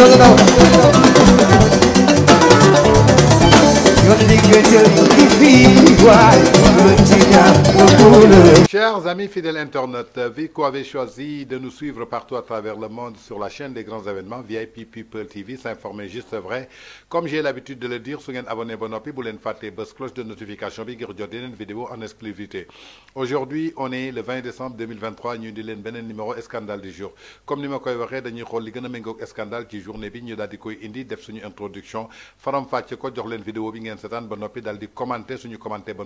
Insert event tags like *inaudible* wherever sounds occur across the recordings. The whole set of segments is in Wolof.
Yola daw yoon liggéey jëriñ li fii waay Chers amis fidèles internet, Vico avait choisi de nous suivre partout à travers le monde sur la chaîne des grands événements VIP People TV, s'informer juste vrai. Comme j'ai l'habitude de le dire, su abonné vous noppi bu faire la cloche de notification pour une vidéo en exclusivité. Aujourd'hui, on est le 20 décembre 2023 nous di le numéro scandale du jour. Comme nous avons dit, nous dañuy xool li gën a scandale ci journée bi ñu daal di koy indi def suñu introduction faram fàcce ko jox vidéo bi ba commenter commenter ba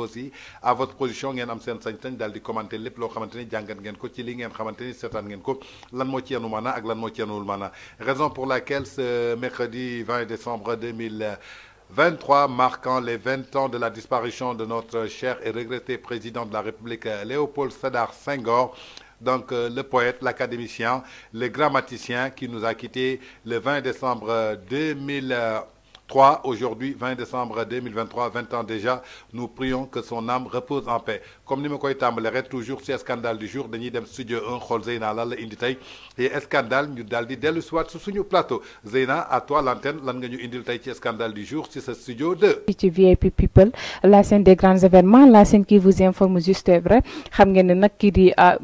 aussi à votre position ngeen am sen sañ-sañ di commenter lo xamanteni jangat ko ci li ngeen xamanteni ko lan raison pour laquelle ce mercredi 20 décembre 2023 marquant les 20 ans de la disparition de notre cher et regretté président de la République, euh, Léopold Sédar Senghor. Donc, euh, le poète, l'académicien, le grammaticien qui nous a quittés le 20 décembre 2000. 3. Aujourd'hui, 20 décembre 2023, 20 ans déjà, nous prions que son âme repose en paix. comme ni ma koy toujours ces scandale du jour dañuy dem studio 1 xool Zeyna la indi et scandale ñu daal di dès le soir, sur suñu plateau Zeyna à toi l'antenne lan nga ñu indil scandale du jour ci ce studio 2. ci VIP People la scène des grands événements la scène qui vous informe juste et vrai xam ngeen ne nag kii di ah,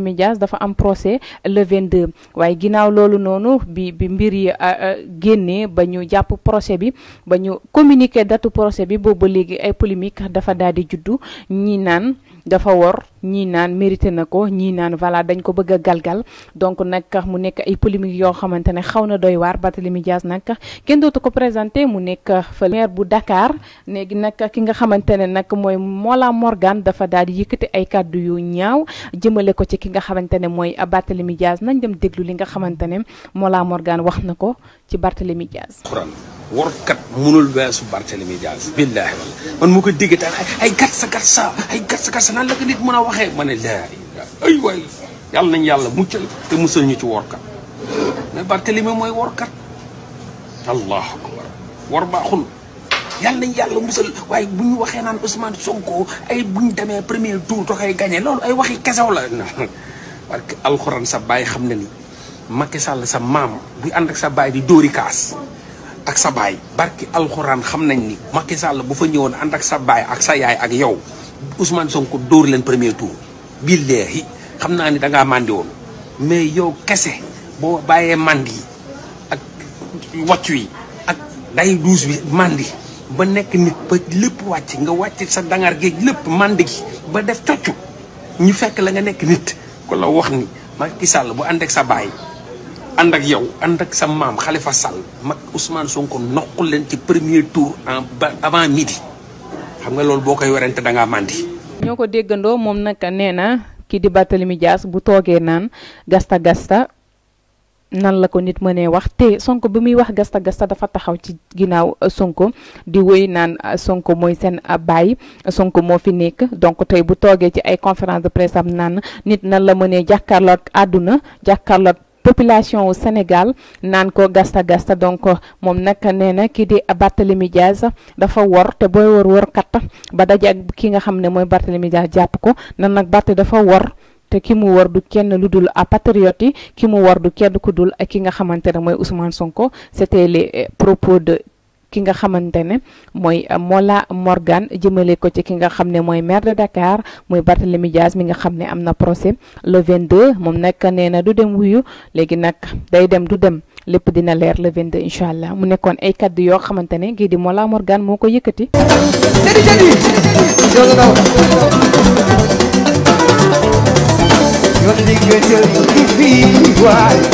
médias, Dias dafa am procès le 22 waaye ginnaaw loolu noonu bi bi mbir yi ah, ah, génnee ba ñu jàpp procès ba ñu communiqué datu procès bi boobu ba léegi ay polémique dafa daal di juddu ñi naan dafa wor ñii naan mérité na ko ñii naan voilà dañ ko bëgg a galgal donc nag mu nekk ay polémique yoo xamante ne xaw na doy waar Barthélémy Dias nag kenn dootu ko présenté mu nekk fa maire bu dakaar léegi nag ki nga xamante ne nag mooy Mollah Morgan dafa daal di yëkkati ay kàddu yu ñaaw jëmale ko ci ki nga xamante ne mooy Barthélémy Dias nañ dem déglu li nga xamante ne Mollah Morgan wax na ko ci Barthélémy Dias. kat munul wessu Barthélemy Diaz billahi wala man moko ko tan ay kat sa kat sa ay kat sa kat sa nan la ko nit mën waxe waxee la ne laa ay way yalla nañ yalla muccal te musal ñu ci wor kat mais Barthélemy moy wor kat Allah akbar wor ba xul yalla nañ yalla musal way bu ñu waxee naan Ousmane Sonko ay bu ñu demee premier tour da koy gagné lool ay waxi kessaw la *laughs* parce que alxuraan sa baye xamna ni Macky Sall sa mam buy ànd ak sa bàyyi di dori kaas ak sa bay barki alxuraan xamnañ ni Macky Sall bu fa ñewon and ak sa bay ak sa yaay ak yow Ousmane Sonko door leen premier tour billahi xamna ni da nga mandi won mais yow kese bo baye mandi ak waccu yi ak day 12 bi mandi ba nek nit ba lepp wacc nga wacc sa dangar geej lepp mandi gi ba def coccu ñu fekk la nga nek nit ko la wax ni Macky Sall bu and ak sa bay ànd ak yow ànd ak sa maam Khalifa Sall mag Ousmane Sonko noqu leen ci premier tour avant midi xam nga loolu boo koy werante danga ngaa màndi. ñoo ko déggandoo moom nag nee na kii di Barthélémy Dias bu toogee naan gasta gasta nan la ko nit mënee wax te Sonko bi muy wax gasta gasta dafa taxaw ci ginnaaw euh, Sonko di wéy naan euh, Sonko mooy seen euh, baay Sonko moo fi nekk donc tey bu toogee ci ay conférence de presse am naan nit nan la mënee jàkkaarloo àdduna jàkkaarloo population wu Sénégal naan ko gasta gasta donc moom nag nee na kii di Barthélemy Diaz dafa wor te booy wor wor kat ba daje ak ki nga xam ne mooy Barthélemy Diaz jàpp ko nan nag Barthé dafa wor te ki mu war du kenn lu dul a patriote yi ki mu war du kenn ku dul ak ki nga xamante ne mooy Ousmane Sonko c'était les eh, propos de ki nga xamante ne mooy euh, Mola Morgan jëmale ko ci ki nga xam ne mooy maire de Dakar muy Barthélemy Dias mi nga xam ne am na procès le vingt 22 moom nag nee na du dem wuyu léegi nag day dem du dem lépp dina leer le 22 incha allah mu nekkoon ay kaddu yoo xamante ne ngir di Mola Morgan moo ko yëkkati. jërëjëf.